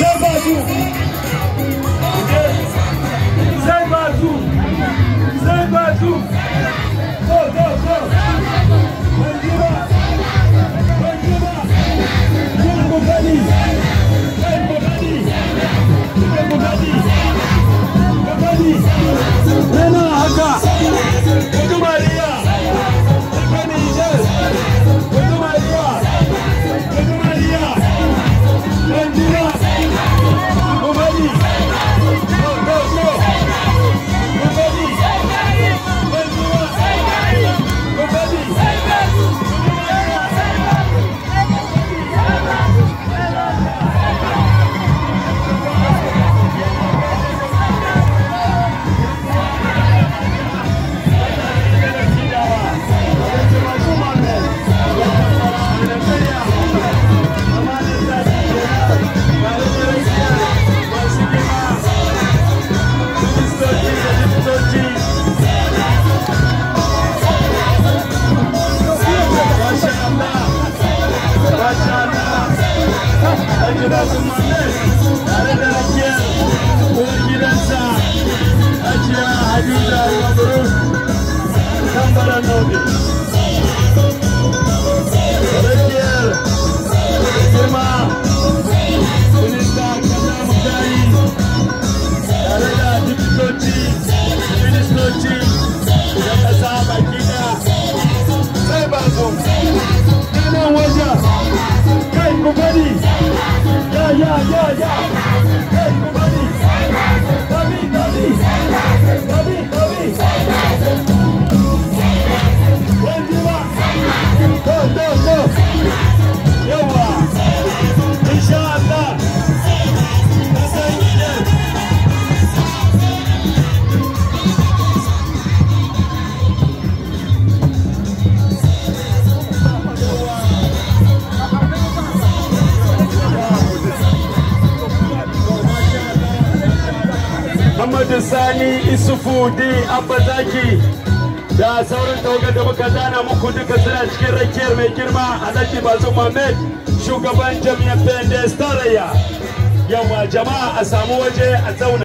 Seu Brasil. I'm Hadi biraz yeah. Muhammadu Sani Isufu D Abbazaki da sauran tawagar da muka zana muku duka suna cikin rakiyar mai girma Alhaji Bazu Muhammad shugaban jami'an Pendes Staraya. Yawa jama'a a samu waje a zauna.